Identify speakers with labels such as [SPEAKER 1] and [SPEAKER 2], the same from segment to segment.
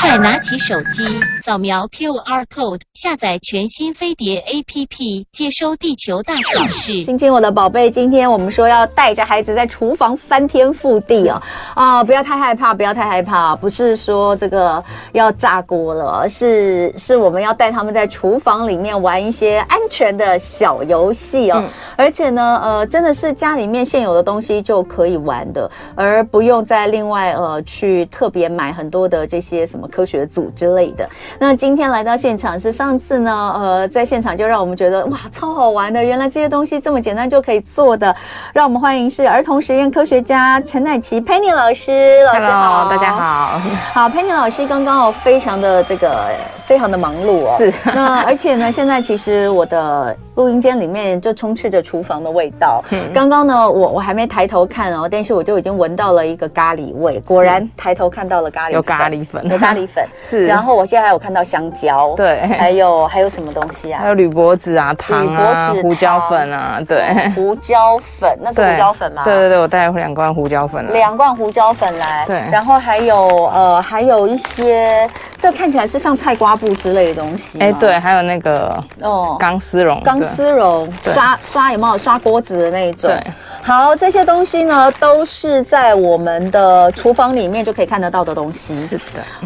[SPEAKER 1] 快拿起手機，掃描 QR code，下載全新飛碟 APP，接收地球大小事親親，親親我的寶貝。今天我們說要帶着孩子在廚房翻天覆地啊啊，不要太害怕，不要太害怕，不是說這個要炸鍋了，而是是我們要帶他們在廚房裡面玩一些安全的小遊戲哦、啊。嗯、而且呢，呃，真的是家裡面現有的東西就可以玩的，而不用再另外呃去特別買很多的這些。什麼科學組之類的？那今天來到現場，是上次呢，呃，在現場就讓我們覺得哇，超好玩的。原來這些東西這麼簡單就可以做的，讓我們歡迎，是兒童實驗科學家陳乃綺 Penny 老師。老師好，Hello, 大家好。好，Penny 老師剛剛哦，非常的這個非常的忙碌哦。是。 那而且呢，現在其實我的錄音間裡面就充斥着廚房的味道。剛剛呢，我我還沒抬頭看哦，但是我就已經聞到了一個咖喱味。果然是抬頭看到了咖喱粉有咖喱粉咖喱粉是，然後我現在還有看到香蕉，對，還有還有什麼東西啊？還
[SPEAKER 2] 有鋁箔紙啊，糖啊，鋁箔糖胡椒粉啊，對，哦、胡
[SPEAKER 1] 椒粉，那是胡椒粉嗎？對對
[SPEAKER 2] 對，我帶了兩罐胡椒粉，兩、
[SPEAKER 1] 啊、罐胡椒粉來，對，然後還有呃還有一些，這看起來是像菜瓜布之類的東西，哎、欸、對，還有那個哦，
[SPEAKER 2] 鋼絲絨，鋼絲絨，刷
[SPEAKER 1] 刷有沒有刷鍋子的那一種？對，好，這些東西呢都是在我們的廚房裡面就可以看得到的東西，是的。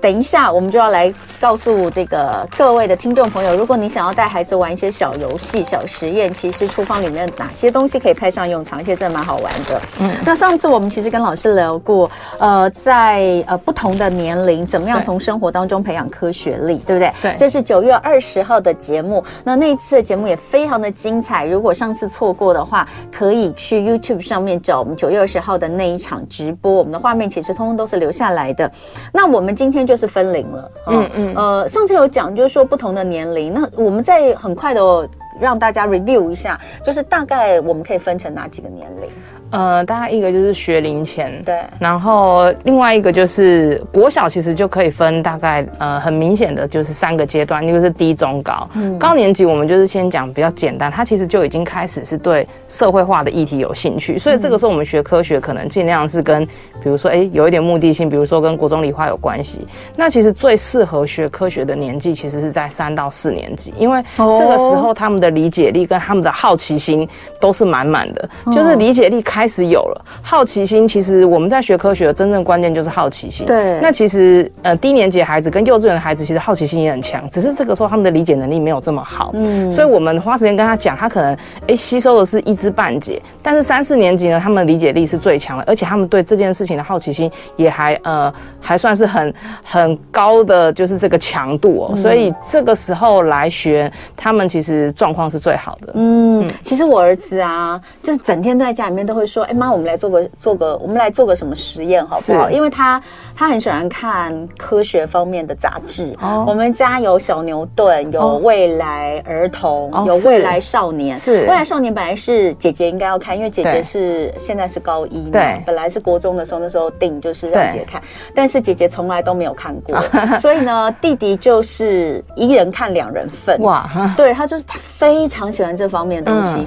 [SPEAKER 1] 等一下，我們就要來告訴這個各位的聽眾朋友，如果你想要帶孩子玩一些小遊戲、小實驗，其實廚房裡面哪些東西可以派上用場，其實也蠻好玩的。嗯，那上次我們其實跟老師聊過，呃，在呃不同的年齡，怎麼樣從生活當中培養科學力，對，對不對？對，這是九月二十號的節目。那那次的節目也非常的精彩。如果上次錯過的話，可以去 YouTube 上面找我們九月二十號的那一場直播，我們的畫面其實通通都是留下來的。那我們今天。就是分齡了，嗯、哦、嗯，嗯、呃，上次有講，就是說不同的年齡，那我們再很快的讓大家 review 一下，就是大概我們可以分成哪幾個年齡？
[SPEAKER 2] 呃，大概一個就是學齡前，對，然後另外一個就是國小，其實就可以分大概呃很明顯的就是三個階段，一、就、個是低中高。嗯、高年級我們就是先講比較簡單，他其實就已經開始是對社會化的議題有興趣，所以這個時候我們學科學可能盡量是跟，嗯、比如說哎、欸、有一點目的性，比如說跟國中理化有關係。那其實最適合學科學的年紀其實是在三到四年級，因為這個時候他們的理解力跟他們的好奇心都是滿滿的，哦、就是理解力開。開始有了好奇心，其實我們在學科學的真正關鍵就是好奇心。對，那其實呃低年級的孩子跟幼稚園的孩子其實好奇心也很強，只是這個時候他們的理解能力沒有這麼好。嗯，所以我們花時間跟他講，他可能哎、欸、吸收的是一知半解。但是三四年級呢，他們理解力是最強的，而且他們對這件事情的好奇心也還呃還算是很很高的，就是這個強度哦、喔。嗯、所以這個時候來學，他們其實狀況是最好的。嗯，嗯其
[SPEAKER 1] 實我兒子啊，就是整天都在家裡面都會。說哎，媽，我們來做個做個，我們來做個什麼實驗好不好？因為他他很喜歡看科學方面的雜誌。哦，我們家有小牛頓，有未來兒童，有未來少年。是未來少年本來是姐姐應該要看，因為姐姐是現在是高一嘛。本來是國中的時候，那時候訂就是讓姐姐看，但是姐姐從來都沒有看過。所以呢，弟弟就是一人看兩人份。哇，對，他就是他非常喜歡這方面的東西。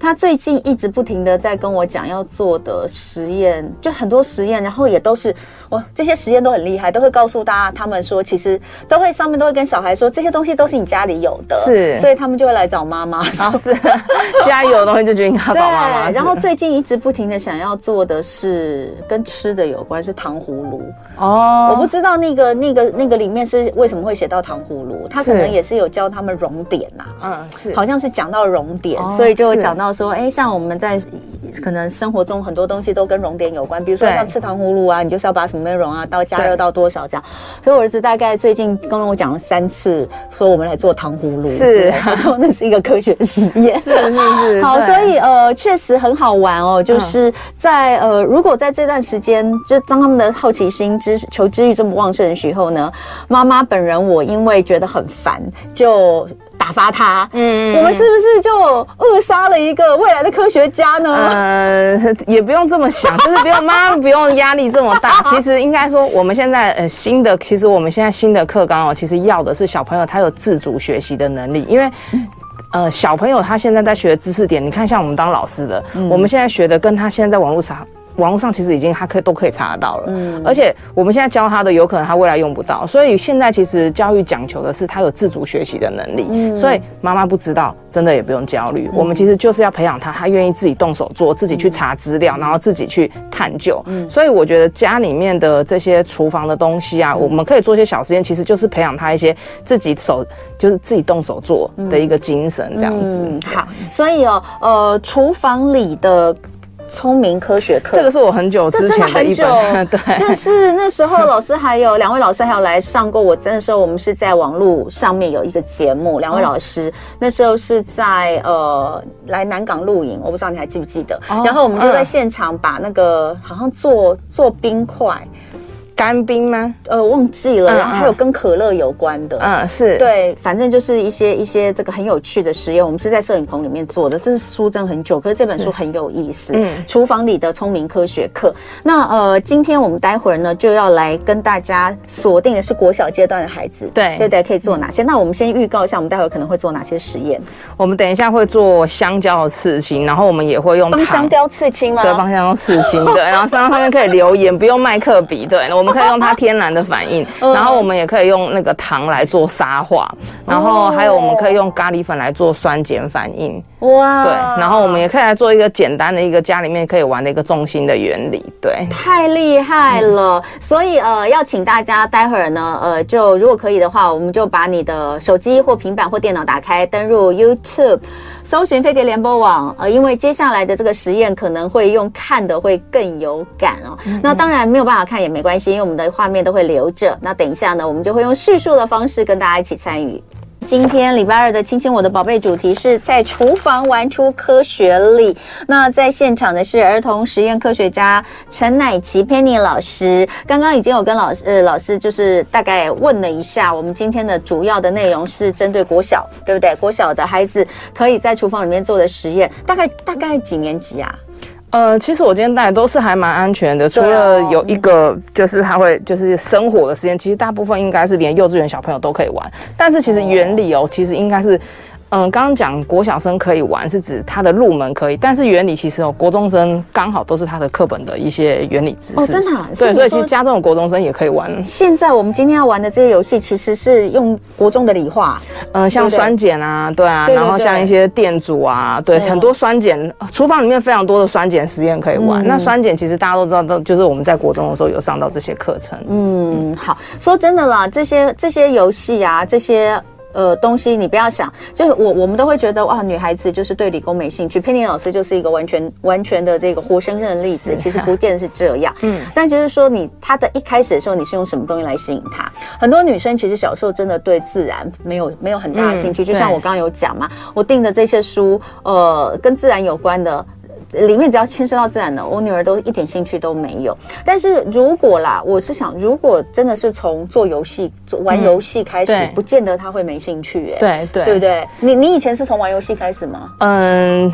[SPEAKER 1] 他最近一直不停的在跟我講要做的實驗，就很多實驗，然後也都是哇，這些實驗都很厲害，都會告訴大家，他們說其實都會上面都會跟小孩說這些東西都是你家裡有的，是，所以他們就會來找媽媽，是， 家裡有的東西就覺得應該找媽媽。對是然後最近一直不停的想要做的是跟吃的有關，是糖葫蘆
[SPEAKER 2] 哦，我不知
[SPEAKER 1] 道那個那個那個裡面是為什麼會寫到糖葫蘆，是他可能也是有教他們熔點吶、啊，嗯，是，好像是講到熔點，哦、所以就會講到。說哎、欸，像我們在可能生活中很多東西都跟熔點有關，比如說像吃糖葫蘆啊，你就是要把什麼內容啊到加熱到多少這樣。對所以我兒子大概最近跟我講了三次，說我們來做糖葫蘆，是、啊，他說那是一個科學實驗， 是是是。好，對所以呃確實很好玩哦，就是在呃如果在這段時間，就當他們的好奇心知求知欲這麼旺盛的時候呢，媽媽本人我因為覺得很煩就。
[SPEAKER 2] 打發他，嗯，我們是不是就扼殺了一個未來的科學家呢？嗯、呃，也不用這麼想，就是不用，媽媽， 不用壓力這麼大。其實應該說，我們現在呃新的，其實我們現在新的課綱哦，其實要的是小朋友他有自主學習的能力，因為呃小朋友他現在在學知識點，你看像我們當老師的，嗯、我們現在學的跟他現在在網絡上。網絡上其實已經他可以都可以查得到了，嗯，而且我們現在教他的，有可能他未來用不到，所以現在其實教育講求的是他有自主學習的能力，嗯，所以媽媽不知道，真的也不用焦慮。嗯、我們其實就是要培養他，他願意自己動手做，自己去查資料，嗯、然後自己去探究。嗯，所以我覺得家裡面的這些廚房的東西啊，嗯、我們可以做一些小實驗，其實就是培養他一些自己手就是自己動手做的一個精神，這樣子。嗯嗯、好，所以哦，呃，廚房裡
[SPEAKER 1] 的。聰明科學課，這個是我很久之前的一，真的很久， 對，就是那時候老師還有兩 位老師還有來上過我，真的時候我們是在網絡上面有一個節目，兩位老師、嗯、那時候是在呃來南港錄影，我不知道你還記不記得，哦、然後我們就在現場把那個、嗯、好像做做冰塊。乾冰嗎？呃，忘記了。然後、嗯、還有跟可樂有關的。嗯，是對，反正就是一些一些這個很有趣的實驗。我們是在攝影棚裡面做的。這是書真很久，可是這本書很有意思。嗯，廚房裡的聰明科學課。那呃，今天我們待會兒呢就要來跟大家鎖定的是國小階段的孩子。對，對對，可以做哪些？嗯、那我們先預告一下，我
[SPEAKER 2] 們待會兒可能會做哪些實驗？我們等一下會做香蕉的刺青，然後我們也會用。幫香蕉刺青嗎？對，幫香蕉刺青。對， 然後上面可以留言，不用馬克筆。對，我們。 可以用它天然的反應，然後我們也可以用那個糖來做沙畫，然後還有我們可以用咖喱粉來做酸鹼反應。
[SPEAKER 1] 哇，對，然
[SPEAKER 2] 後我們也可以來做一個簡單的一個家裡面可以玩的一個重心的原理。對，
[SPEAKER 1] 太厲害了，所以呃，要請大家待會兒呢，呃，就如果可以的話，我們就把你的手機或平板或電腦打開，登入 YouTube，搜尋飛碟聯播網。呃，因為接下來的這個實驗可能會用看的會更有感哦、喔。嗯、那當然沒有辦法看也沒關係。我們的畫面都會留着。那等一下呢，我們就會用敘述的方式跟大家一起參與。今天禮拜二的“親親我的寶貝”主題是在廚房玩出科學力。那在現場的是兒童實驗科學家陳乃綺、佩妮老師。剛剛已經有跟老呃老師，就是大概問了一下，我們今天的主要的內容是針對國小，對不對？國小的孩子可以在廚房裡面做的實驗，大概大概幾年級啊？
[SPEAKER 2] 呃，其實我今天帶的都是還蠻安全的，啊、除了有一個就是他會就是生火的時間，其實大部分應該是連幼稚園小朋友都可以玩，但是其實原理哦，哦其實應該是。嗯，剛剛講國小生可以玩，是指他的入門可以，但是原理其實哦，國中生剛好都是他的課本的一些原理知識。哦，真的、啊。對，所以其實家中有國中生也可以玩。現在我們今天要玩的這些遊戲，其實是用國中的理化，嗯，像酸鹼啊，對，對，對啊，對對對，然後像一些電阻啊，對，對對，很多酸鹼，廚房裡面非常多的酸鹼實驗可以玩。嗯、那酸鹼其實大家都知道，都就是我們在國中的時候有上到這些課程。嗯，嗯好，說真的啦，這些這些遊戲啊，這些。呃，東西
[SPEAKER 1] 你不要想，就是我我們都會覺得哇，女孩子就是對理工沒興趣。Penny 老師就是一個完全完全的這個活生生的例子，的其實不見得是這樣。嗯，但就是說你她的一開始的時候，你是用什麼東西來吸引她？很多女生其實小時候真的對自然沒有沒有很大的興趣，嗯，就像我剛剛有講嘛，對我訂的這些書，呃，跟自然有關的。裡面只要牽涉到自然的，我女兒都一點興趣都沒有。但是如果啦，我是想，如果真的是從做遊戲、做玩遊戲開始，嗯、不見得她會沒興趣，欸。哎，對對，對不對？你你以前是從玩遊戲開始嗎？嗯。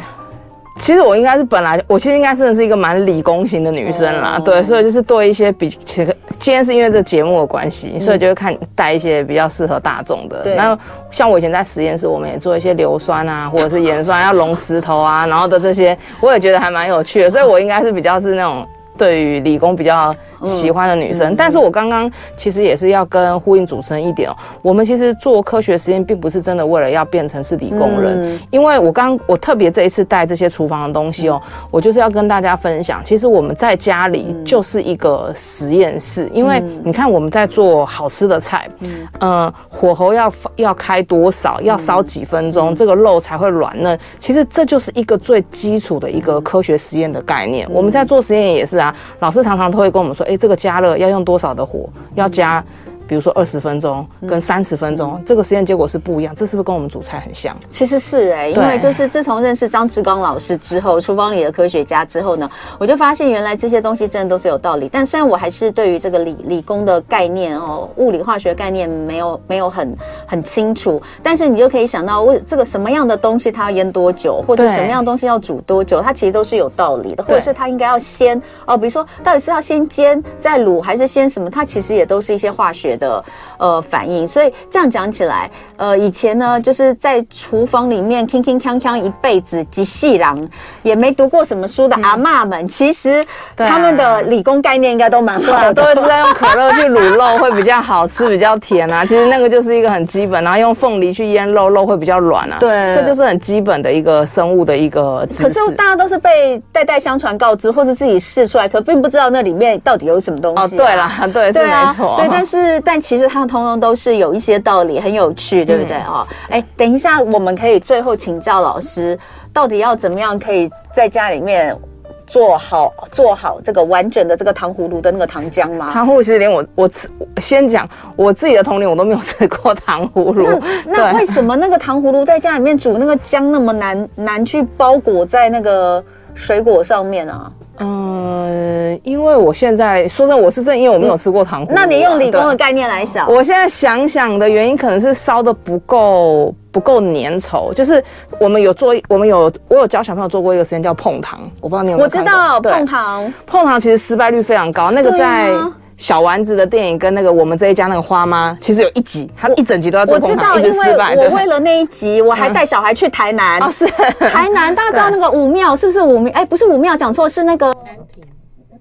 [SPEAKER 2] 其實我應該是本來，我其實應該真的是一個蠻理工型的女生啦，哦、對，所以就是對一些比其實今天是因為這節目的關係，所以就會看帶、嗯、一些比較適合大眾的。那對像我以前在實驗室，我們也做一些硫酸啊，或者是鹽酸要溶石頭啊， 然後的這些，我也覺得還蠻有趣的，所以我應該是比較是那種對於理工比較。喜歡的女生，嗯嗯嗯、但是我剛剛其實也是要跟呼應主持人一點哦。我們其實做科學實驗，並不是真的為了要變成是理工人，嗯、因為我剛我特別這一次帶這些廚房的東西哦，嗯、我就是要跟大家分享，其實我們在家裡就是一個實驗室，嗯、因為你看我們在做好吃的菜，嗯、呃，火候要要開多少，要燒幾分鐘，嗯、這個肉才會軟嫩，其實這就是一個最基礎的一個科學實驗的概念。嗯、我們在做實驗也是啊，老師常常都會跟我們說。哎，這個加熱要用多少的火？要加。嗯比如說二十分鐘跟三十分鐘，嗯嗯、這個實驗結果是不一樣，這是不是跟我們煮菜很像？其實是哎、欸，對因為就是自從認識張志剛老師之後，《廚房裡的科
[SPEAKER 1] 學家》之後呢，我就發現原來這些東西真的都是有道理。但雖然我還是對於這個理理工的概念哦、喔，物理化學概念沒有沒有很很清楚，但是你就可以想到為這個什麼樣的東西它要醃多久，或者是什麼樣東西要煮多久，對它其實都是有道理的。或者是它應該要先哦、呃，比如說到底是要先煎再滷，還是先什麼？它其實也都是一些化學的。的呃，反應，所以這樣講起來，呃，以前呢，就是在廚房裡面鏗鏗鏘鏘一輩子，一世人也沒讀過什麼
[SPEAKER 2] 書的阿嬤們，嗯、其實他們的理工概念應該都蠻好的都、啊、在用可樂去滷肉會比較好吃， 比較甜啊。其實那個就是一個很基本，然後用鳳梨去醃肉，肉會比較軟啊。對，這就是很基本的一個生物的一個。可是大家都是被
[SPEAKER 1] 代代相傳告知，或是自己試出來，可並不知道那裡面到底有什麼東西、啊。哦，對啦，對，是沒錯、啊，對，但是。但其實它通通都是有一些道理，很有趣，對不對啊？哎、嗯哦欸，等一下，我們可以最後請教老師，到底要怎麼樣可以在家裡面做好做好這個完整的這個糖葫蘆的那個糖漿嗎？
[SPEAKER 2] 糖葫蘆其實連我我吃，我我先講我自己的童年，我都沒有吃過糖葫蘆。那為什麼
[SPEAKER 1] 那個糖葫蘆在家裡面煮那個漿那麼難難去
[SPEAKER 2] 包裹在那個水
[SPEAKER 1] 果上面啊？
[SPEAKER 2] 嗯，因為我現在說真的，我是真的，因為我沒有吃過糖，啊嗯。那你用理工的概念來想，我現在想想的原因可能是燒得不夠不夠粘稠，就是我們有做，我們有我有教小朋友做過一個實驗叫碰糖，我不知道你有沒有。我知道碰糖，對碰糖其實失敗率非常高，那個在。小丸子的電影跟那個我們這一家那個花媽，其實有一集，他我一整集都要做廣告，我知道一直失敗。因為我為了那一集，對我還帶小孩去台南。嗯、哦，是 台南，大家知道那個武廟是不是武廟對？哎、欸，不
[SPEAKER 1] 是武廟，講錯是那個。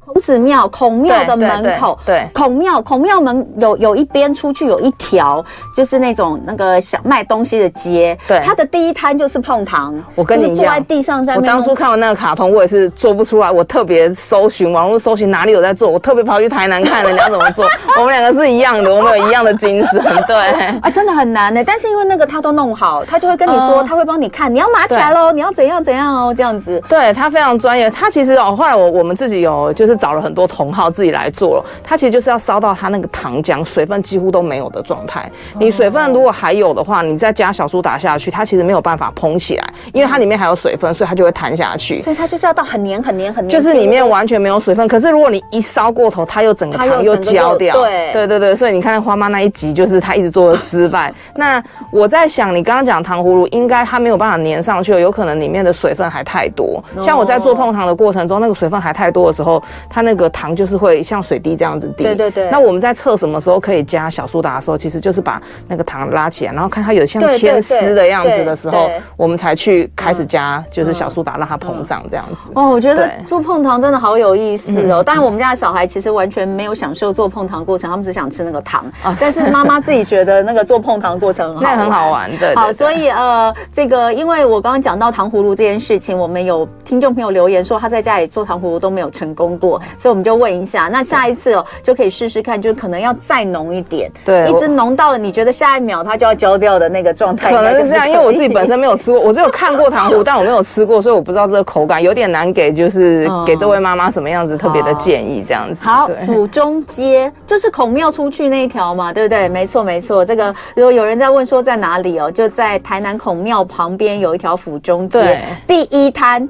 [SPEAKER 1] 孔子廟，孔廟的門口，對，對對對孔廟，孔廟門有有一邊出去有一條，就是那種那個小賣東西的
[SPEAKER 2] 街，對，他的第一攤就是碰糖。我跟你一樣，就坐在地
[SPEAKER 1] 上在。我當初看
[SPEAKER 2] 完那個卡通，我也是做不出來。我特別搜尋網絡搜尋哪裡有在做，我特別跑去台南看人家怎麼做。 我們兩個是一樣的，我們有一樣的精神。對，啊，真的很難呢。但是因為那個他都弄好，他就會跟你說，呃、他會幫你看，你要拿起來嘍，對你要怎樣怎樣哦、喔，這樣子。對，他非常專業，他其實哦、喔，後來我我們自己有就是。找了很多同好自己來做了，它其實就是要燒到它那個糖漿水分幾乎都沒有的狀態。你水分如果還有的話，你再加小蘇打下去，它其實沒有辦法膨起來，因為它裡面還有水分，所以它就會彈下去。所以
[SPEAKER 1] 它就是要到很黏、很黏、很黏。就是裡面完
[SPEAKER 2] 全沒有水分。對可是如果你一燒過頭，它又整個糖又焦掉。對對對對，所以你看花媽那一集就是她一直做的失敗。 那我在想，你剛剛講糖葫蘆，應該它沒有辦法黏上去了，有可能裡面的水分還太多。像我在做碰糖的過程中，那個水分還太多的時候。它那個糖就是會像水滴這樣子滴，對對對。那我們在測什麼時候可以加小蘇打的時候，其實就是把那個糖拉起來，然後看它有像牽絲的樣子的時候，對對對對，我們才去開始加，嗯、就是小蘇打讓它膨脹這樣子。嗯
[SPEAKER 1] 嗯、對哦，我覺得做碰糖真的好有意思哦。但是我們家的小孩其實完全沒有享受做碰糖過程，他們只想吃那個糖。啊、但是媽媽自己覺得那個做碰糖過程很好玩，很好玩對，對，對，對。好，所以呃，這個因為我剛剛講到糖葫蘆這件事情，我們有聽眾朋友留言說他在家裡做糖葫蘆都沒有成功過。所以我們就問一下，那下一次哦、喔、對就可以試試看，就是可能要再濃一點，對，一直濃到你覺得下一秒它就要焦掉的那個狀態。可能是啊，因為我自己本身
[SPEAKER 2] 沒有吃過， 我只有看過糖葫蘆， 但我沒有吃過，所以我不知道這個口感，有點難給，就是，嗯、給這位媽媽什麼樣子特別的建議這樣子。好，對好，府
[SPEAKER 1] 中街就是孔廟出去那一條嘛，對不對？沒錯，沒錯。這個如果有人在問說在哪裡哦、喔，就在台南孔廟旁邊有一條府中街對第一攤。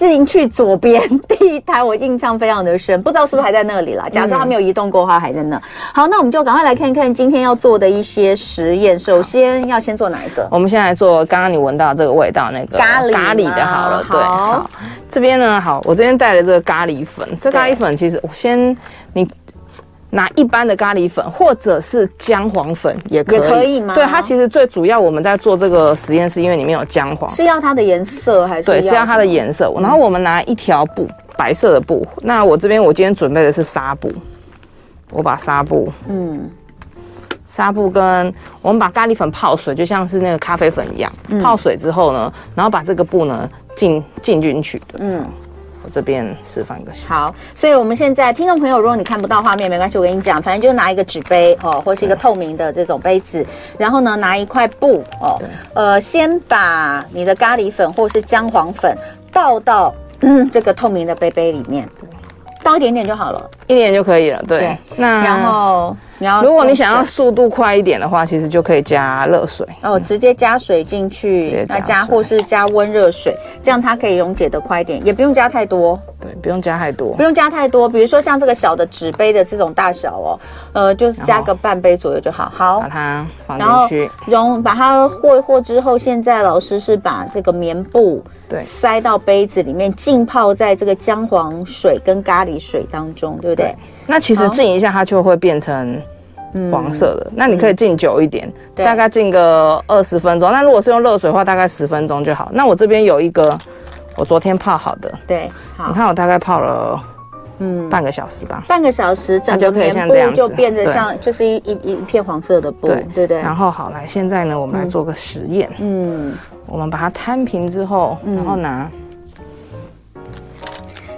[SPEAKER 1] 自行去左邊第一台，我印象非常的深，不知道是不是還在那裡了。假設它沒有移動過的話，還在那。嗯、好，那我們就趕快來看一看今天要做的一些實驗。首先好要先做哪一個？我們
[SPEAKER 2] 先來做剛剛你聞到這個味道那個咖喱咖喱的，好了好對。好，這邊呢，好，我這邊帶了這個咖喱粉。這咖喱粉其實，我先你。拿一般的咖喱粉或者是薑黃粉也可以，也可以嗎？對，它其實最主要我們在做這個實驗是因為裡面有薑黃，是要它的顏色還是？對，是要它的顏色。然後我們拿一條布，嗯、白色的布。那我這邊我今天準備的是紗布，我把紗布，嗯，紗布跟我們把咖喱粉泡水，就像是那個咖啡粉一樣，嗯、泡水之後呢，然後把這個布呢浸浸進去，嗯。我這邊示範一個。
[SPEAKER 1] 好，所以我們現在聽眾朋友，如果你看不到畫面沒關係，我跟你講，反正就拿一個紙杯哦、喔，或是一個透明的這種杯子，嗯、然後呢拿一塊布哦，喔、對呃，先把你的咖喱粉或是薑黃粉倒到、嗯嗯、這個
[SPEAKER 2] 透明的杯杯裡面，
[SPEAKER 1] 倒一點點就好了，
[SPEAKER 2] 一點就可以了，對，對那然後。
[SPEAKER 1] 然後如果你想要
[SPEAKER 2] 速度快一點的話，其實就可以加熱水、嗯、哦，直接加
[SPEAKER 1] 水進去，加、加或是加溫熱水，嗯、這樣它可以溶解得快一點，嗯、也不用加太
[SPEAKER 2] 多。對，不用加太多，不
[SPEAKER 1] 用加太多。比如說像這個小的紙杯的這種大小哦，呃，就是加個半杯左右就好。好，然後把它放進去，溶把它和一和之後，現在老師是把這個棉布。對塞到杯子裡面，浸泡在這個薑黃水跟咖喱水當中，對不對？
[SPEAKER 2] 對，那其實浸一下，它就會變成黃色的。嗯、那你可以浸久一點，嗯、大概浸個二十分鐘。那對如果是用熱水的話，大概十分鐘就好。那我這邊有一個，我昨天泡好的。對，好。你看我大概泡了，嗯，半個小時吧。半個小時，整個棉布就變得像，就
[SPEAKER 1] 是一一一片黃色的布。對，對、對、對。然
[SPEAKER 2] 後好來，現在呢，我們來做個實驗、嗯。嗯。我們把它攤平之後，嗯、然後拿。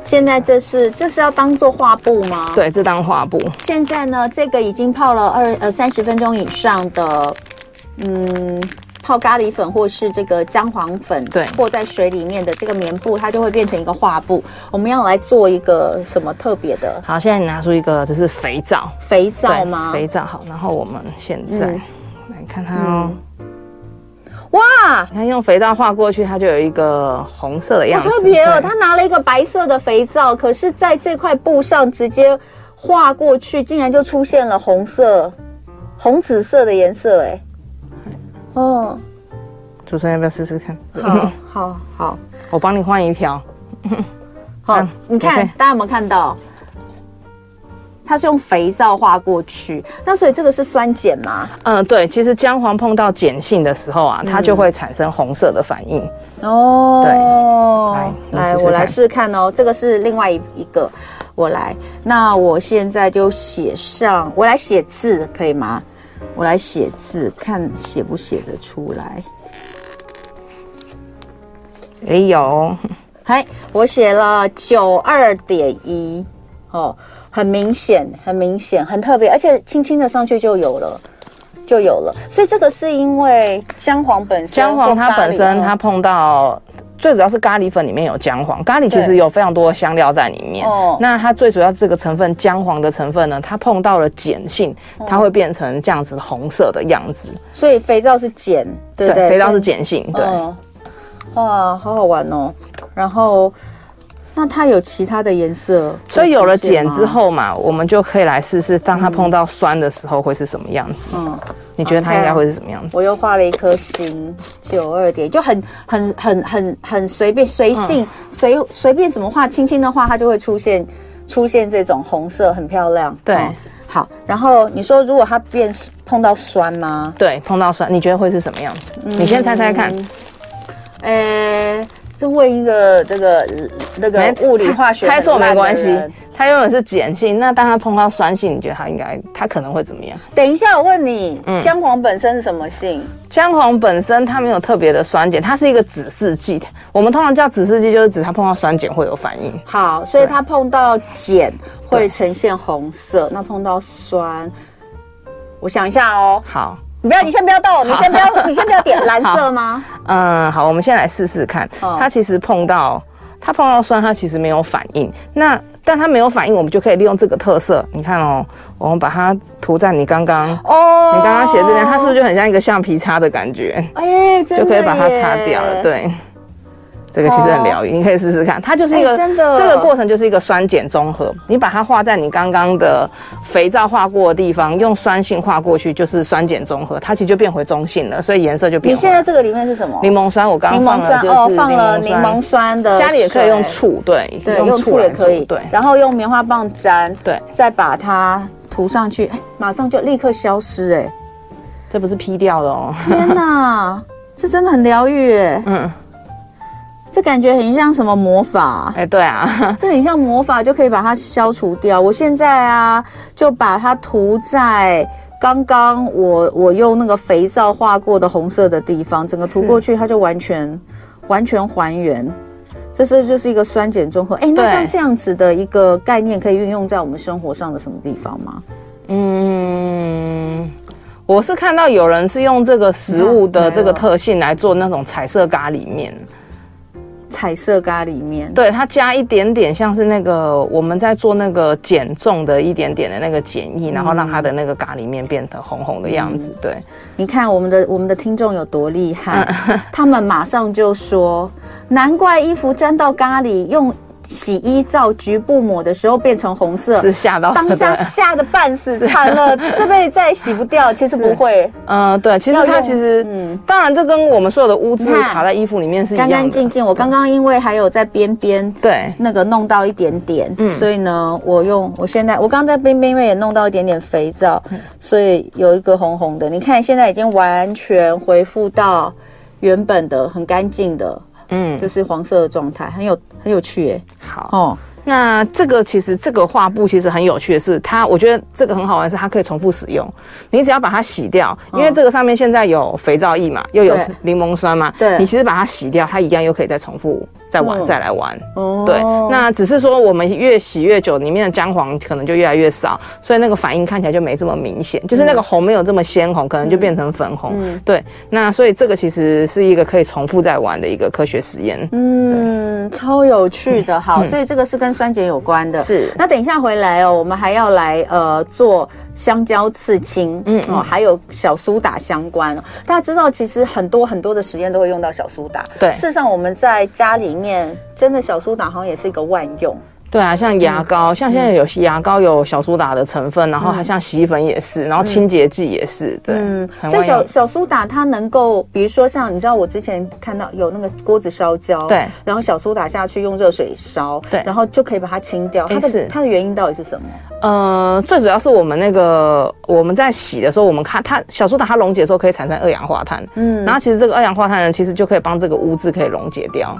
[SPEAKER 2] 現在這是這是要當做畫布嗎？對，這當畫布。現在呢，這
[SPEAKER 1] 個已經泡了二呃三十分鐘以上的，嗯，泡咖喱粉或是這個薑黃粉，對，泡在水裡面的這個棉布，它就會變成一個畫布。我們要來做一個什麼特別的？
[SPEAKER 2] 好，現在你拿出一個，這是肥皂。肥皂嗎？肥皂好，然後我們現在、嗯、
[SPEAKER 1] 來看它、哦。嗯
[SPEAKER 2] 哇，你看用肥皂畫過去，它就有一個紅色的樣子。好特別哦，他
[SPEAKER 1] 拿了一個白色的肥皂，對可是在這塊布上直接畫過去，竟然就出現了紅色、紅紫色的顏色，哎，
[SPEAKER 2] 哦，主持人要不要試試看？好好，我幫你換一條。好，你看 OK 大家有沒有看到？
[SPEAKER 1] 它是用肥皂畫過去，那所以這個是酸鹼嗎？
[SPEAKER 2] 嗯，對，其實薑黃碰到鹼性的時候啊，嗯、它就會產生紅色的反應
[SPEAKER 1] 哦。對，來，來試試我來試看哦。這個是另外一一個，我來。那我現在就寫上，我來寫字可以嗎？我來寫字，看寫不寫得出來。哎呦有，嗨，我寫了九二點一哦。很明顯，很明顯，很特別，而且輕輕的上去就有了，
[SPEAKER 2] 就有了。
[SPEAKER 1] 所以這個是因為薑黃本身，薑黃它本身它
[SPEAKER 2] 碰到，嗯、最主要是咖喱粉裡面有薑黃，咖喱其實有非常多的香料在裡面。哦對。那它最主要這個成分薑黃的成分呢，它碰到了鹼性，它會變成這樣子紅色的樣子。嗯、所以肥
[SPEAKER 1] 皂是鹼，對，對，對，肥皂是鹼性，以對、嗯。哇，好好玩哦、喔。然後。那它有其他的顏色，所以有了鹼之後
[SPEAKER 2] 嘛，我們就可以來試試，當它碰到酸的時候會是什麼樣子？嗯，你覺得它應該會是什麼樣子？Okay.
[SPEAKER 1] 我又畫了一顆心，九二點就很很很很隨便隨性隨隨、嗯、便怎麼畫，輕輕的畫它就會出現出現這種紅色，很漂亮。對、哦，好。然後
[SPEAKER 2] 你說如果它變碰到酸嗎？對，碰到酸，你覺得會是什麼樣子？嗯、你先猜猜看，
[SPEAKER 1] 呃、嗯。欸是為一個這個那、這個物理化學的猜錯,猜錯沒關係，
[SPEAKER 2] 它用的是鹼性。那當它碰到酸性，你覺得它應該它可能會怎麼樣？
[SPEAKER 1] 等一下我問你，嗯，薑黃本身是什麼性？
[SPEAKER 2] 薑黃本身它沒有特別的酸鹼，它是一個指示劑。我們通常叫指示劑，就是指它碰到酸鹼會有反應。
[SPEAKER 1] 好，所以它碰到鹼會呈現紅色。對那碰到酸，
[SPEAKER 2] 我想一下哦。好。你不要，你先不要倒。我，你先不要，好你先不要點藍色嗎？ 嗯，好，我們先來試試看。哦、它其實碰到，它碰到酸，它其實沒有反應。那但它沒有反應，我們就可以利用這個特色。你看哦，我們把它塗在你剛剛，
[SPEAKER 1] 哦，你剛剛寫這邊，它是不是就
[SPEAKER 2] 很像一個橡皮擦的感覺？哎、
[SPEAKER 1] 欸，就可以把它擦掉了。對。
[SPEAKER 2] 這個其實很療癒，你可以試試看，它就是一個這個過程就是一個酸鹼中和。你把它畫在你剛剛的肥皂畫過的地方，用酸性畫過去，就是酸鹼中和，它其實就變回中性了，所以顏色就變。你現在這個裡
[SPEAKER 1] 面是什麼？檸檬酸，我剛剛檸檬酸哦，放了檸檬酸的。家裡也可以用醋，對，
[SPEAKER 2] 對，用醋也可以，對。
[SPEAKER 1] 然後用棉花棒粘。對。再把它塗上去，馬上就立刻消失，哎，這不是 P 掉的哦。天吶，這真的很療癒，嗯。這感覺很像什麼魔法。哎，對啊，這很像魔法，就可以把它消除掉。我現在啊，就把它塗在剛剛我我用那個肥皂畫過的紅色的地方，整個塗過去，它就完全是完全還原。這是就是一個酸鹼中和。哎，那像這樣子的一個概念，可以運用在我們生活上的什麼地方嗎？嗯，
[SPEAKER 2] 我是看到有人是用這個食物的這個特性來做那種彩色咖喱麵。嗯彩色咖喱麵，對，它，加一點點，像是那個我們在做那個鹼粽，的一點點的那個鹼液，然後讓它的那個咖喱麵變得紅紅的樣子。嗯、對，你看我們的我們的聽眾有多厲害，嗯、
[SPEAKER 1] 他們馬上就說， 難怪衣服沾到咖喱用。洗衣皂局部抹的時候變成紅色，是嚇到的當下嚇得半死慘了，是這輩子再也洗不掉。是其實不會，嗯、呃，對，其實它其實，嗯，當然這跟我們所有的污漬卡在衣服裡面是一樣，干干淨淨。我剛剛因為還有在邊邊，對，那個弄到一點點，對所以呢，我用我現在我剛剛在邊邊因為也弄到一點點肥皂，所以有一個紅紅的。你看現在已經完全恢復到原本的很乾淨的。嗯，這是黃色的狀態，很有很有趣哎、欸。好，
[SPEAKER 2] 哦。那這個其實這個畫布其實很有趣的是，它我覺得這個很好玩，是它可以重複使用。你只要把它洗掉，哦、因為這個上面現在有肥皂液嘛，又有檸檬酸嘛，對，你其實把它洗掉，它一樣又可以再重複。再玩再來玩，哦，
[SPEAKER 1] 對，那
[SPEAKER 2] 只是說我們越洗越久，裡面的薑黃可能就越來越少，所以那個反應看起來就沒這麼明顯，就是那個紅沒有這麼鮮紅，可能就變成粉紅。對，那所以這個其實是一個可以重複再玩的一個科學實驗。嗯，
[SPEAKER 1] 超有趣的。好，所以這個是跟酸鹼有關的。是。那等一下回來哦，我們還要來呃做香蕉刺青，嗯哦，還有小蘇打相關。大家知道，其實很多很多的實驗都會用到小蘇打。對，事實上我們在家裡。面真的小蘇打好像也是一個萬用，
[SPEAKER 2] 對啊，像牙膏，像現在有牙膏有小蘇打的成分，然後還像洗衣粉，也是，然後清潔劑也是，對，嗯，所以小
[SPEAKER 1] 小蘇打它能夠，比如說像你知道我之前看到有那個鍋子燒焦，對，然後小蘇打下去用熱水燒，對，然後就可以把它清掉。它的它的原因到底是什
[SPEAKER 2] 麼？呃，最主要是我們那個我們在洗的時候，我們看它小蘇打它溶解的時候可以產生二氧化碳，嗯，然後其實這個二氧化碳呢，其實就可以幫這個污漬可以溶解掉。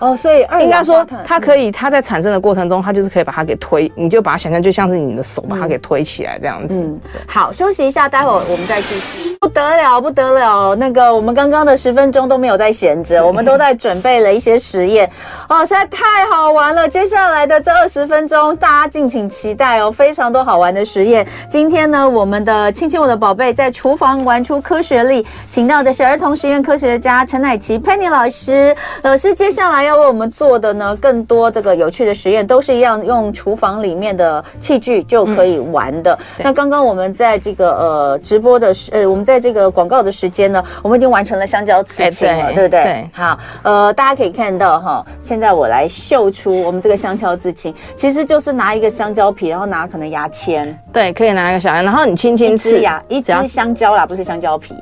[SPEAKER 2] 哦，所以應該說它可以，它在產生的過程中，它、嗯、就是可以把它給推，你就把它想象就像是你的手把它給推起來這樣子、嗯嗯。
[SPEAKER 1] 好，休息一下，待會兒我們再繼續。不得了，不得了！那個我們剛剛的十分鐘都沒有在閒着，是我們都在準備了一些實驗。哦，實在太好玩了！接下來的這二十分鐘，大家敬請期待哦，非常多好玩的實驗。今天呢，我們的親親，我的寶貝在廚房玩出科學力，請到的是兒童實驗科學家陳乃綺佩妮老師。老師，接下來要。要為我們做的呢，更多這個有趣的實驗都是一樣，用廚房裡面的器具就可以玩的。嗯、那剛剛我們在這個呃直播的時，呃，我們在這個廣告的時間呢，我們已經完成了香蕉刺青了，欸、對，對不對？對。好，呃，大家可以看到哈、哦，現在我來秀出我們這個香蕉刺青，其實就是拿一個香蕉皮，然後拿可能牙籤，
[SPEAKER 2] 對，可以拿一個小牙，然後你輕輕刺一隻，一隻香
[SPEAKER 1] 蕉啦，不是香蕉皮。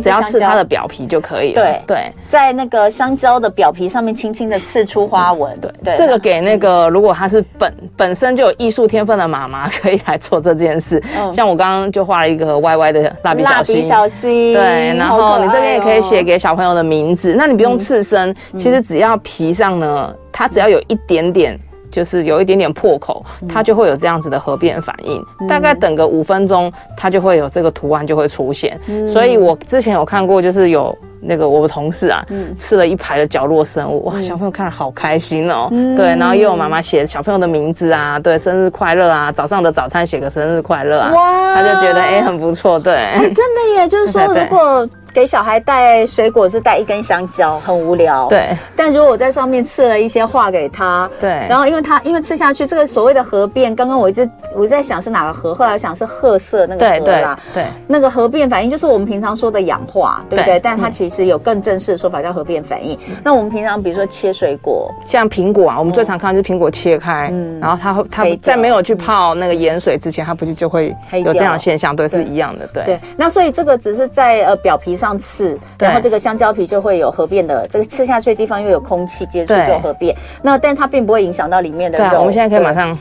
[SPEAKER 1] 只，只要刺它的
[SPEAKER 2] 表皮就可以了。對，
[SPEAKER 1] 對在那個香蕉的表皮上面輕輕的刺出花紋，嗯。對對了，這個給
[SPEAKER 2] 那個如果他是本，嗯、本身就有藝術天分的媽媽可以來做這件事。嗯、像我剛剛就畫了一個歪歪的蠟筆小新。蠟筆小新。對，然後你這邊也可以寫給小朋友的名字。哦、那你不用刺身，嗯、其實只要皮上呢，它只要有一點點。就是有一點點破口，它就會有這樣子的合變反應。嗯、大概等個五分鐘，它就會有這個圖案就會出現。嗯、所以我之前有看過，就是有那個我同事啊，嗯、吃了一排的角落生物，嗯、哇，小朋友看得好開心哦、喔。嗯、對，然後又有媽媽寫小朋友的名字啊，對，生日快樂啊，早上的早餐寫個生日快樂啊，哇，他就覺得哎、欸、很不錯，對、哦，真的
[SPEAKER 1] 耶，就是說如果。給小孩帶水果是帶一根香蕉，很無聊。對。但如果我在上面刺了一些畫給他。對。然後因為他，因為他因為刺下去這個所謂的褐變，剛剛我一直我一直在想是哪個褐，後來想是褐色那個褐啦。對對。對。對那個褐變反應就是我們平常說的氧化，對不對？對。但它其實有更正式的說法叫褐變反應。嗯，那我們平常比如說切水果，
[SPEAKER 2] 像蘋果啊，我們最常看的是蘋果切開，嗯，然後它它黑掉，在沒有去泡那個鹽水之前，它不是就，就會有這樣現象？對，對是一樣的。對。對。
[SPEAKER 1] 那所以這個只是在呃表皮上。上次，然後這個香蕉皮就會有褐變的。這個刺下去的地方又有空氣接觸就褐變，那但它並不會影響到裡面的。對啊，我們現在可以馬上。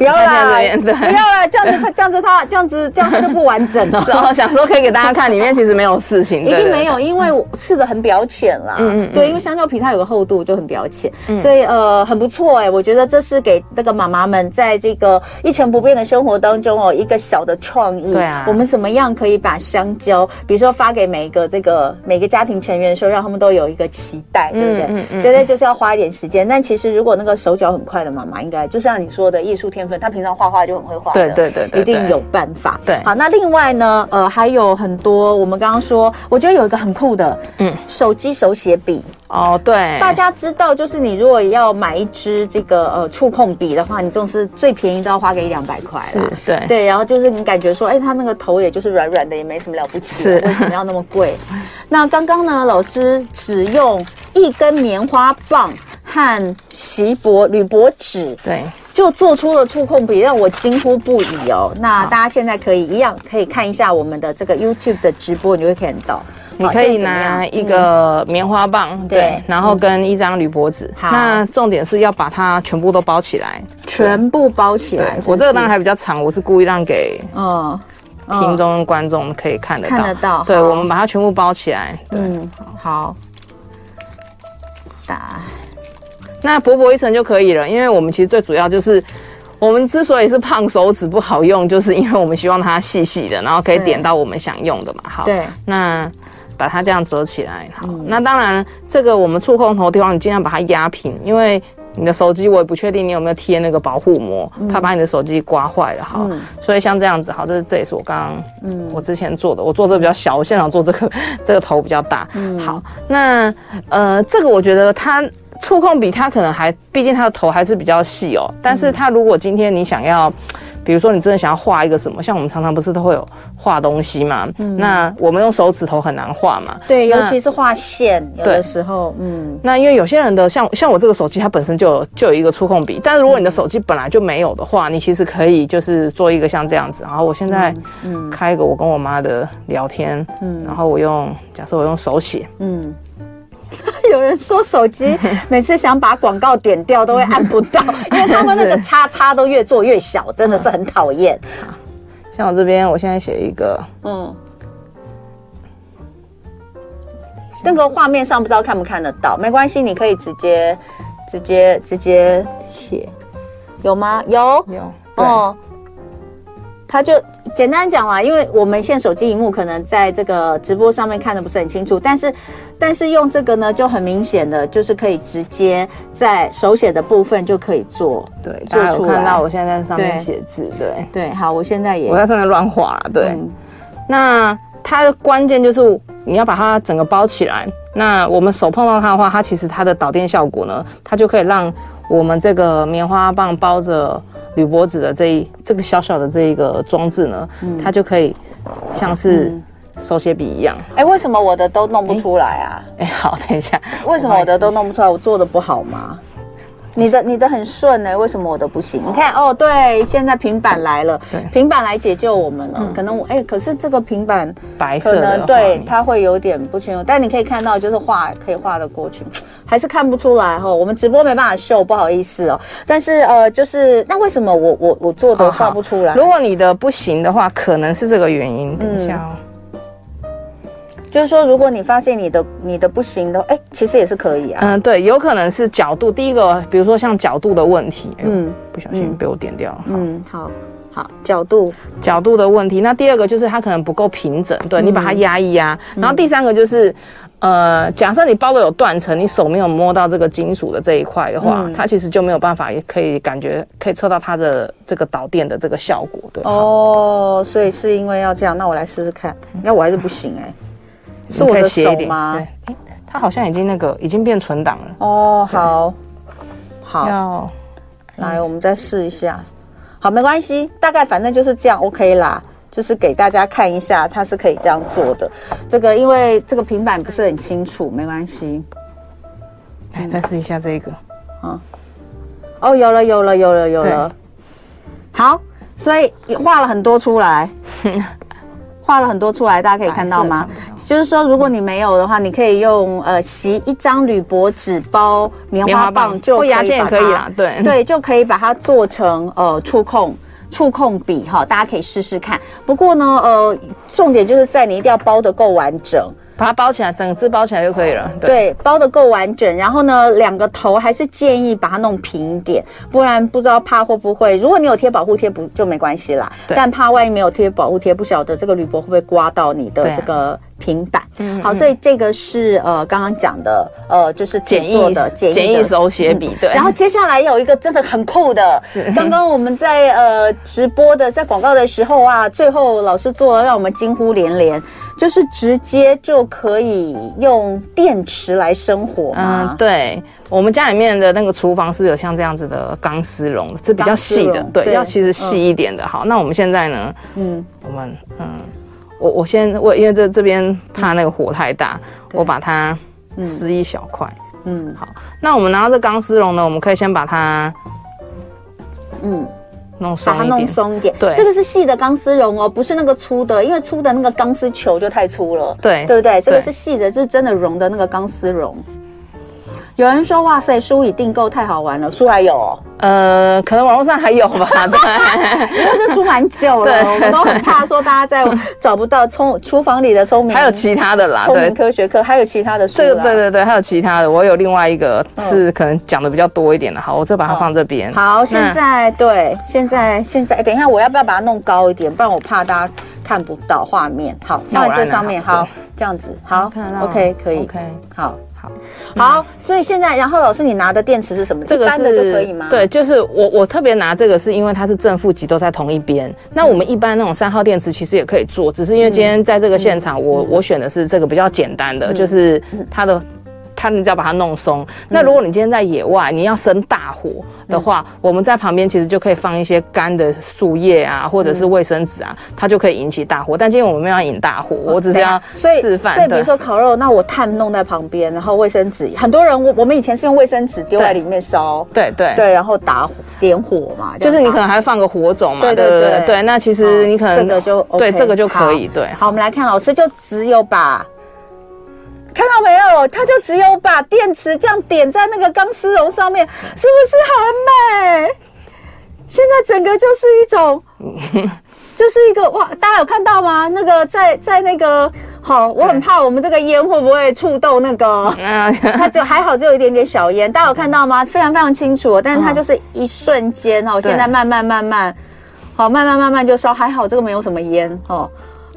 [SPEAKER 2] 不要啦，不要啦，這樣子它
[SPEAKER 1] 這樣子它這樣子這樣子它就不完整了。然後 想說可以給大家看，裡面
[SPEAKER 2] 其實沒有事情，對對對，一定沒有，
[SPEAKER 1] 因為我刺得很表淺啦。嗯，嗯嗯。對，因為香蕉皮它有個厚度就很表淺，嗯、所以呃很不錯哎、欸，我覺得這是給那個媽媽們在這個一成不變的生活當中哦、喔、一個小的創意。對、啊、我們怎麼樣可以把香蕉，比如說發給每一個這個每個家庭成員，說讓他們都有一個期待，對不對？絕對、嗯嗯嗯嗯、就是要花一點時間，但其實如果那個手腳很快的媽媽，媽媽應該就像你說的藝術天賦。他平常畫畫就很會畫，對對,對對對，一定有辦法。對,對,對，好，那另外呢，呃，還有很多。我們剛剛說，我覺得有一個很酷的手手，嗯，手機手寫筆。哦，對，大家知道，就是你如果要買一支這個呃觸控筆的話，你總是最便宜都要花個一兩百塊了。是，對，對。然後就是你感覺說，哎、欸，他那個頭也就是軟軟的，也沒什麼了不起，是、啊，為什麼要那麼貴？那剛剛呢，老師只用一根棉花棒和錫箔鋁箔紙，對。就做出了觸控筆，讓我驚呼不已哦。那大家現在可以一樣，可以看一下我們的這個 YouTube 的直播，你就會看到，你可以拿一個
[SPEAKER 2] 棉花棒，嗯、對，然後跟一張鋁箔紙、嗯。好，那重點是要把它全部都包起來，全部包起來。我這個當然還比較長，我是故意讓給嗯，聽眾觀眾可以看得到，嗯、看得到。對，我們把它全部包起來。嗯，
[SPEAKER 1] 好。
[SPEAKER 2] 打。那薄薄一層就可以了，因為我們其實最主要就是，我們之所以是胖手指不好用，就是因為我們希望它細細的，然後可以點到我們想用的嘛。好，對，那把它這樣折起來。好，嗯、那當然這個我們觸控頭的地方，你盡量把它壓平，因為你的手機我也不確定你有沒有貼那個保護膜，怕把、嗯、你的手機刮壞了哈。好，嗯、所以像這樣子，好，這是這也是我剛剛，嗯，我之前做的，我做這個比較小，我現場做這個這個頭比較大。嗯，好，那呃，這個我覺得它。觸控筆它可能還，畢竟它的頭還是比較細哦、喔。但是它如果今天你想要，嗯、比如說你真的想要畫一個什麼，像我們常常不是都會有畫東西嘛？嗯。那我們用手指頭很難畫嘛？對，尤其
[SPEAKER 1] 是畫線，那有的時候，對嗯。
[SPEAKER 2] 那因為有些人的像像我這個手機它本身就有就有一個觸控筆，但是如果你的手機本來就沒有的話，嗯、你其實可以就是做一個像這樣子，然後我現在開一個我跟我媽的聊天，嗯，然後我用假設我用手寫，嗯。
[SPEAKER 1] 有人說手機每次想把廣告點掉都會按不到， 因為他們那個叉叉都越做越小，真的是很討厭。嗯，
[SPEAKER 2] 像我這邊，我現在寫一
[SPEAKER 1] 個，嗯，那個畫面上不知道看不看得到，沒關係，你可以直接、直接、直接寫，寫有嗎？有有，哦。它就簡單講啦，因為我們現手機螢幕，可能在這個直播上面看的不是很清楚，但是但是用這個呢就很明顯的，就是可以直接在手寫的部分就可以做，對，
[SPEAKER 2] 大家有看到我現在在上面寫字，對對，對，對，好，我現在也我在上面亂畫，對，嗯、那它的關鍵就是你要把它整個包起來，那我們手碰到它的、的話，它其實它的導電效果呢，它就可以讓我們這個棉花棒包着。鋁箔紙的這一這個小小的這一個裝置呢，嗯、它就可以像是手寫筆一樣。
[SPEAKER 1] 哎、嗯欸，為什麼我的都弄不出來啊？哎、欸欸，好，等一下，為什麼我的都弄不出來？我做的不好嗎？你的你的很順哎、欸，為什麼我的不行？你看哦，哦，對，現在平板來了，對平板來解救我們了。嗯、可能我哎、欸，可是這個平板白色的，可能對它會有點不清楚。但你可以看到，就是畫可以畫得過去，還是看不出來哈、哦。我們直播沒辦法秀，不好意思哦。但是呃，就是那為什麼我我我做的畫不出來、哦？如
[SPEAKER 2] 果你的不行的話，可能是這個原因。等一下哦。嗯
[SPEAKER 1] 就是說，如果你發現你的你的不行的
[SPEAKER 2] 話，哎、欸，其實也是可以啊。嗯、呃，對，有可能是角度。第一個，比如說像角度的問題，嗯，不小心被我點掉了。嗯，好嗯，好好，角度，角度的問題。那第二個就是它可能不夠平整，對，你把它壓一壓。嗯、然後第三個就是，嗯、呃，假設你包的有斷層，你手沒有摸到這個金屬的這一塊的話，嗯、它其實就沒有辦法也可以感覺，可以測到它的這個導電的這個效果，對。
[SPEAKER 1] 哦，所以是因為要這樣。那我來試試看，那我還是不行、欸，哎。
[SPEAKER 2] 是我的手嗎？對、欸，它好像已經那個，已經變存檔
[SPEAKER 1] 了哦。Oh, 對好，好，要來，我們再試一下。好，沒關係，大概反正就是這樣，OK 啦。就是給大家看一下，它是可以這樣做的。這個因為這個平板不是很清楚，沒關係。
[SPEAKER 2] 來，再試一下這個。哦、嗯
[SPEAKER 1] ，oh, 有了，有了，有了，有了。好，所以畫了很多出來。 畫了很多出來，大家可以看到嗎？是就是說，如果你沒有的話，你可以用呃，洗一張鋁箔紙包棉花棒，花棒就可以把它可以了，啊。對對，就可以把它做成呃觸控觸控筆哈，大家可以試試看。不過呢，呃，重點就是在你一定要包得夠完整。把它包起來，整隻包起來就可以了。對，對包得夠完整。然後呢，兩個頭還是建議把它弄平一點，不然不知道怕會不會。如果你有貼保護貼，不就沒關係啦？對但怕萬一沒有貼保護貼，不曉得這個鋁箔會不會刮到你的這個、啊。平板，好，所以這個是呃，剛剛講的，呃，就是簡易的簡易手寫筆，對。然後接下來有一個真的很酷的，是剛剛我們在呃直播的，在廣告的時候啊，最後老師做了，讓我們驚呼連連，就是直接就可以用電池來生火。嗯，
[SPEAKER 2] 對，我們家裡面的那個廚房是有像這樣子的鋼絲絨，這比較細的，對，要其實細一點的。好，那我們現在呢，嗯，我們嗯。我我先我因為這這邊怕那個火太大，對我把它撕一小塊。嗯，嗯，好，那我們拿到這鋼絲絨呢，我們可以先把它，嗯，弄鬆一點。把它弄鬆一點。對，這個是
[SPEAKER 1] 細的鋼絲絨哦，不是那個粗的，因為粗的那個鋼絲球就太粗了。對，對不對？這個是細的，對就是真的絨的那個鋼絲絨。有人說哇塞，書已訂購太好玩了，書還有，呃，可能網絡上還有吧，因為這書蠻久了，我們都很怕說大家在找不到。聰廚房裡的聰明，還有其他的啦，聰明科
[SPEAKER 2] 學課還有其他的書。這個對對對，還有其他的，我有另外一個是可能講的比較多一點的，好，我就把它放這邊。好，現在
[SPEAKER 1] 對，現在現在等一下，我要不要把它弄高一點？不然我怕大家看不到畫面。好，放在這上面，好，這樣子，好，看得到 OK，可以，OK，好。
[SPEAKER 2] 好，嗯、所以現在，然後老師，你拿的電池是什麼？這個是一般的就可以嗎？對，就是我，我特別拿這個，是因為它是正負極都在同一邊。嗯、那我們一般那種三號電池其實也可以做，只是因為今天在這個現場我，我、嗯、我選的是這個比較簡單的，嗯、就是它的。它你只要把它弄鬆。那如果你今天在野外，你要生大火的話，我們在旁邊其實就可以放一些乾的樹葉啊，或者是衛生紙啊，它就可以引起大火。但今天我們沒有要引大火，我只是要示範。所以比如說
[SPEAKER 1] 烤肉，那我炭弄在旁邊，然後衛生紙，很多人我，我們以前是用衛生紙丟在裡面燒，對對對，然後打火點
[SPEAKER 2] 火嘛，就是你可能還要放個火種嘛，對對對對。那其實你可能這個就對這個就可以對。好，
[SPEAKER 1] 我們來看老師，就只有把。看到沒有？它就只有把電池這樣點在那個鋼絲絨上面，是不是很美？現在整個就是一種， 就是一個哇！大家有看到嗎？那個在在那個好，對 我很怕我們這個煙會不會觸動那個， 它就還好，只有一點點小煙。大家有看到嗎？非常非常清楚，但是它就是一瞬間哦，嗯、現在慢慢慢慢，對 好慢慢慢慢就燒。還好這個沒有什麼煙哦，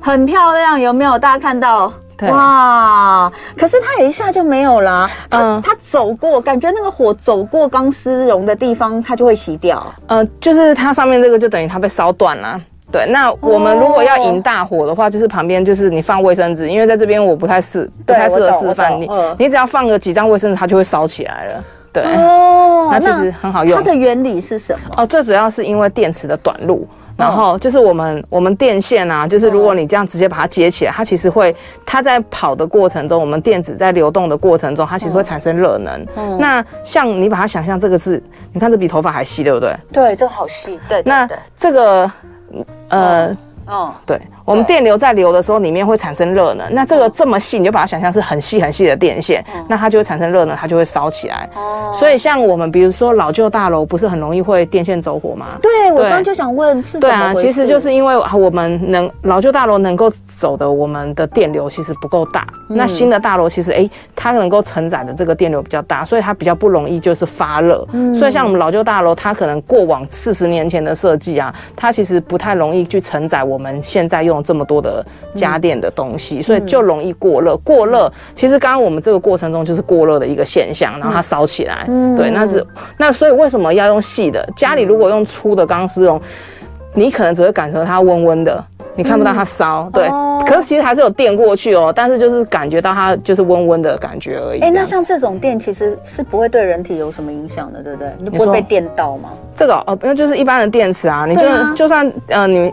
[SPEAKER 1] 很漂亮，有沒有？大家看到？對哇！可是它也一下就沒有了。嗯，它，它走過，感覺那個火走過鋼絲絨的地方，它就會熄掉。
[SPEAKER 2] 嗯、呃，就是它上面這個，就等於它被燒斷了。對，那我們如果要引大火的話，哦、就是旁邊就是你放衛生紙，因為在這邊我不太適，不太適合示範。你、嗯、你只要放個幾張衛生紙，它就會燒起來了。對哦，那其實很好用。它的原理是什麼？哦，最主要是因為電池的短路。然後就是我們、oh. 我們電線啊，就是如果你這樣直接把它接起來，它其實會，它在跑的過程中，我們電子在流動的過程中，它其實會產生熱能。嗯，oh. 那像你把它想象，這個是，你看這比頭髮還細，對不對？
[SPEAKER 1] 對，這個好細。對，對，對，那
[SPEAKER 2] 這個，呃，嗯，oh. oh. 對。我們電流在流的時候，裡面會產生熱能。那這個這麼細，你就把它想象是很細很細的電線，嗯、那它就會產生熱能，它就會燒起來。哦。所以像我們，比如說老舊大樓，不是很容易會電線走火嗎？對，對我剛就
[SPEAKER 1] 想問是。對啊，其實就是因
[SPEAKER 2] 為啊，我們能老舊大樓能夠走的我們的電流其實不夠大。嗯、那新的大樓其實哎、欸，它能夠承載的這個電流比較大，所以它比較不容易就是發熱。嗯、所以像我們老舊大樓，它可能過往四十年前的設計啊，它其實不太容易去承載我們現在用。用這麼多的家電的東西，嗯、所以就容易過熱。嗯、過熱，其實剛剛我們這個過程中就是過熱的一個現象，嗯、然後它燒起來。嗯，對，那是那所以為什麼要用細的？家裡如果用粗的鋼絲絨，嗯、你可能只會感覺它溫溫的，你看不到它燒。嗯、對，哦、可是其實還是有電過去哦，但是就是感覺到它就是溫溫的感覺而已。哎、欸，那
[SPEAKER 1] 像這種電其實是不會對人體有什麼影響的，對不
[SPEAKER 2] 對？你不會被電到嗎？這個哦，那就是一般的電池啊，你就、啊、就算嗯、呃、你。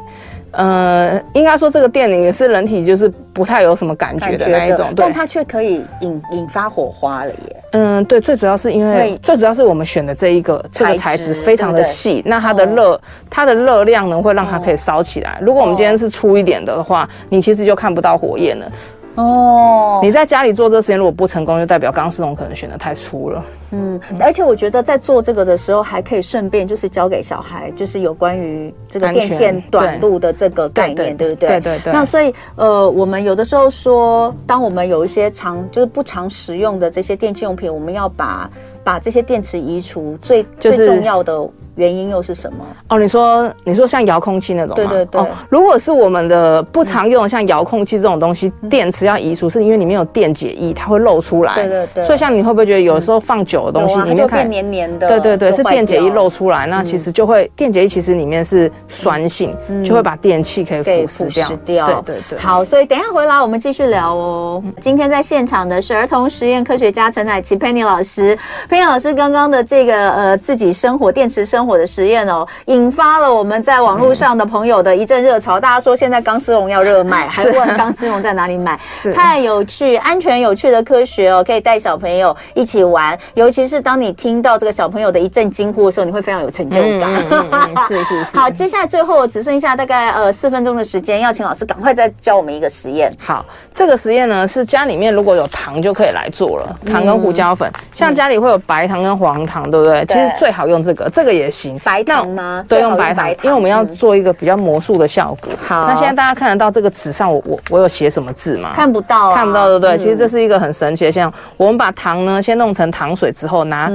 [SPEAKER 2] 呃、嗯，應該說這個電影也是人體就是不太有什麼感覺的那一種，對但它
[SPEAKER 1] 卻可以引引發火花
[SPEAKER 2] 了耶。嗯，對，最主要是因為，因為最主要是我們選的這一個這個材質非常的細，對對，那它的熱、嗯、它的熱量呢會讓它可以燒起來。嗯、如果我們今天是粗一點的話，嗯、你其實就看不到火焰了。嗯嗯哦，你在家裡做這個實驗，如果不成功，就代表鋼絲絨可能選的太粗了。嗯，
[SPEAKER 1] 而且我覺得在做這個的時候，還可以順便就是教給小孩，就是有關於這個電線短路的這個概念，對不對？對對對。那所以，呃，我們有的時候說，當我們有一些常就是不常使用的這些電器用品，我們要把把這些電池移除最，最最重要的。原因又
[SPEAKER 2] 是什麼？哦，你說你說像遙控器那種嗎？對對對。哦，如果是我們的不常用的，像遙控器這種東西，電池要移除，是因為裡面有電解液，它會漏出來。對對對。所以像你會不會覺得有時候放久的東西裡面變黏黏的？對對對，是電解液漏出來，那其實就會電解液其實裡面是酸性，就會把電器可以腐蝕掉。對對對。
[SPEAKER 1] 好，所以等一下回來我們繼續聊哦。今天在現場的是兒童實驗科學家陳乃綺 Penny 老師。Penny 老師剛剛的這個呃，自己生活電池生活。我的實驗哦，引發了我們在網絡上的朋友的一陣熱潮。嗯、大家說現在鋼絲絨要熱賣，是還問鋼絲絨在哪裡買，是太有趣，安全有趣的科學哦，可以帶小朋友一起玩。尤其是當你聽到這個小朋友的一陣驚呼的時候，你會非常有成就感。是是、嗯嗯、是。是是，好，接下來最後只剩下大概呃四分鐘的時間，要請老師趕快再
[SPEAKER 2] 教我們一個實驗。好，這個實驗呢是家裡面如果有糖就可以來做了，糖跟胡椒粉，嗯、像家裡會有白糖跟黃糖，對不對？嗯、其實最好用這個，這個也。白糖嗎？對，用白糖，因為我們要做一個比較魔術的效果。好，那現在大家看得到這個紙上我我我有寫什麼字嗎？看不到，看不到，對不對？其實這是一個很神奇的現象。我們把糖呢先弄成糖水之後，拿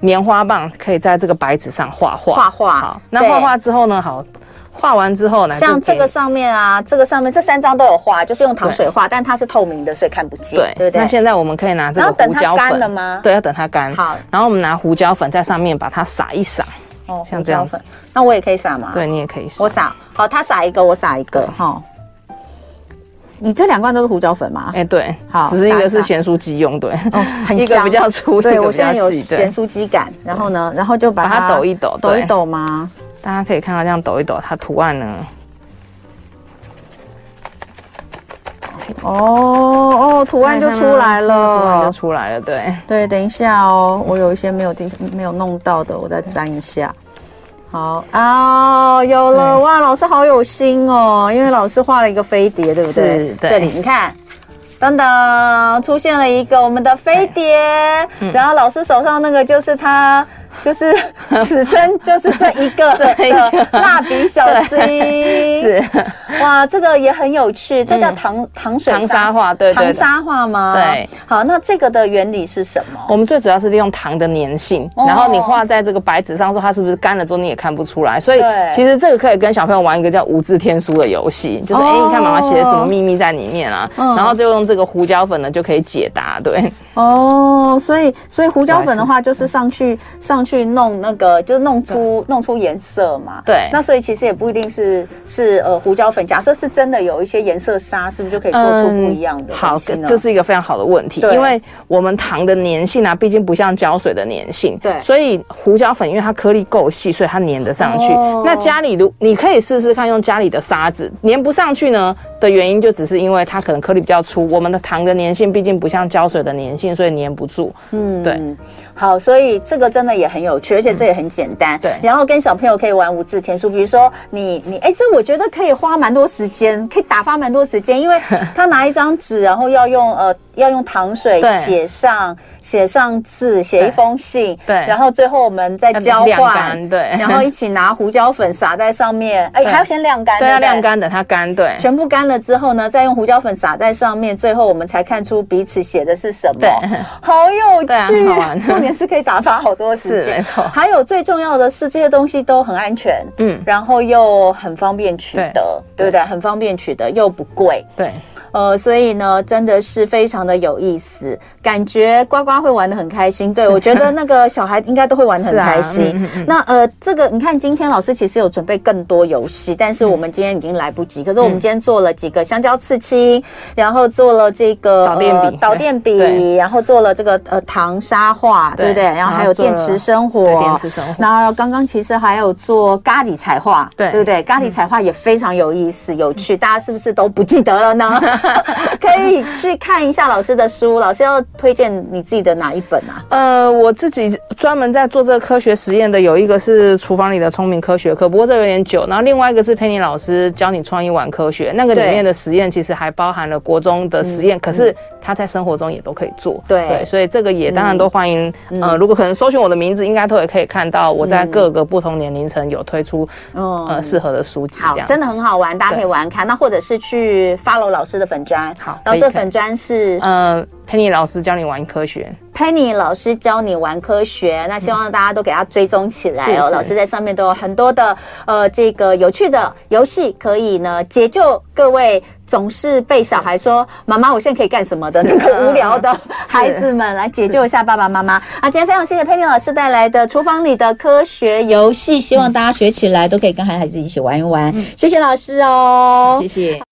[SPEAKER 2] 棉花棒可以在這個白紙上畫畫。畫畫。好，那畫畫之後呢？好，畫完之後呢？像這個
[SPEAKER 1] 上面啊，這個上面這三張都有畫，就是用糖水畫，但它是透明的，所以看不見，對對，對？那現
[SPEAKER 2] 在我們可以拿這個然後等它乾了嗎？對，要等它乾。好，然後我們拿胡椒粉在上面把它撒一撒。哦，像這樣
[SPEAKER 1] 粉，那我也可以撒嗎？對，
[SPEAKER 2] 你也可以撒。我撒，
[SPEAKER 1] 好，他撒一個，我撒一個，哈。
[SPEAKER 2] 你這兩罐都是胡椒粉嗎？哎，對，好，只是一個是鹹酥雞用，對，一個比較粗，對，我現在有鹹酥
[SPEAKER 1] 雞感，然後
[SPEAKER 2] 呢，然後就把它抖一抖，抖一抖嗎？大家可以看到這樣抖一抖，它圖案呢。哦哦，圖案就出來了，圖案就出來了，對
[SPEAKER 1] 對，等一下哦，我有一些沒有定、沒有弄到的，我再粘一下。好啊、哦，有了對哇，老師好有心哦，因為老師畫了一個飛碟，對不對？對，這裡你看，噔噔出現了一個我們的飛碟，嗯、然後老師手上那個就是它。就是此生就是這一個的蠟筆小新， 是哇，這個也很有
[SPEAKER 2] 趣，這叫糖、
[SPEAKER 1] 嗯、糖水沙糖沙畫，對，對，對糖沙畫嗎？對，
[SPEAKER 2] 好，那這個的原理是什麼？我們最主要是利用糖的粘性，哦、然後你畫在這個白紙上，說它是不是乾了之後你也看不出來，所以其實這個可以跟小朋友玩一個叫無字天書的遊戲，就是哎、哦欸，你看媽媽寫了什麼秘密在裡面啊，哦、然後就用這個胡椒粉呢就可以解答，對。
[SPEAKER 1] 哦，所以所以胡椒粉的話，就是上去上去弄那個，就是弄出對弄出顏色嘛。對。那所以其實也不一定是是呃胡椒粉，假設是真的有一些顏色紗，是不是就可以做出不一樣的、嗯？好，這是一
[SPEAKER 2] 個非常好的問題，對因為我們糖的粘性啊，畢竟不像膠水的粘性。對。所以胡椒粉因為它顆粒夠細，所以它粘得上去。哦、那家裡如，你可以試試看，用家裡的沙子粘不上去呢的原因，就只是因為它可能顆粒比較粗。我們的糖的粘性畢竟不像膠水的粘性。所以黏不住，嗯，對，好，所以這個真的也很有趣，而且這也很簡單，嗯、對。然後跟小
[SPEAKER 1] 朋友可以玩無字天書，比如說你你，哎，這我覺得可以花蠻多時間，可以打發蠻多時間，因為他拿一張紙，然後要用呃要用糖水寫上對寫上字，寫一封信，對。對，然後最後我們再交換，對。然後一起拿胡椒粉撒在上面，哎，對還要先晾乾、啊、乾、乾，對，晾乾等它乾，對。全部乾了之後呢，再用胡椒粉撒在上面，最後我們才看出彼此寫的是什麼，對。好有趣，啊、重點是可以打發好多時間，沒錯。還有最重要的是，這些東西都很安全，嗯，然後又很方便取得，對，對不對？很方便取得又不貴，對。呃，所以呢，真的是非常的有意思，感覺瓜瓜會玩得很開心。對，我覺得那個小孩應該都會玩得很開心。那呃，這個你看，今天老師其實有準備更多遊戲，但是我們今天已經來不及。可是我們今天做了幾個香蕉刺青，然後做了這個導電筆，導電筆，然後做了這個呃糖沙畫，對不對？然後還有電池生火，電池生火。然後剛剛其實還有做咖喱彩畫，對對不對？咖喱彩畫也非常有意思、有趣，大家是不是都不記得
[SPEAKER 2] 了呢？
[SPEAKER 1] 可以去看一下老師的書，老師要推薦你自己的哪一本啊？
[SPEAKER 2] 呃，我自己專門在做這個科學實驗的，有一個是廚房裡的聰明科學課，不過這有點久。然後另外一個是 Penny 老師教你創意玩科學，那個裡面的實驗其實還包含了國中的實驗，對可是，嗯。嗯他在生活中也都可以做，對，對，所以這個也當然都歡迎。嗯、呃，如果可能搜尋我的名字，嗯、應該都也可以看到我在各個不同年齡層有推出，嗯，呃，適合的書籍。好，真的很
[SPEAKER 1] 好玩，大家可以玩，玩看。對那或者是去 Follow 老師的粉專，好，老師的粉專
[SPEAKER 2] 是呃，Penny 老師教你玩科學。
[SPEAKER 1] Penny 老師教你玩科學，那希望大家都給它追蹤起來哦。嗯、老師在上面都有很多的呃，這個有趣的遊戲，可以呢解救各位總是被小孩說“是媽媽，我現在可以幹什麼的”的、啊、那個無聊的孩子們，是來解救一下爸爸媽媽啊！今天非常謝謝 Penny 老師帶來的廚房裡的科學遊戲，希望大家學起來都可以跟孩子一起玩一玩。嗯、謝謝老師哦，謝謝。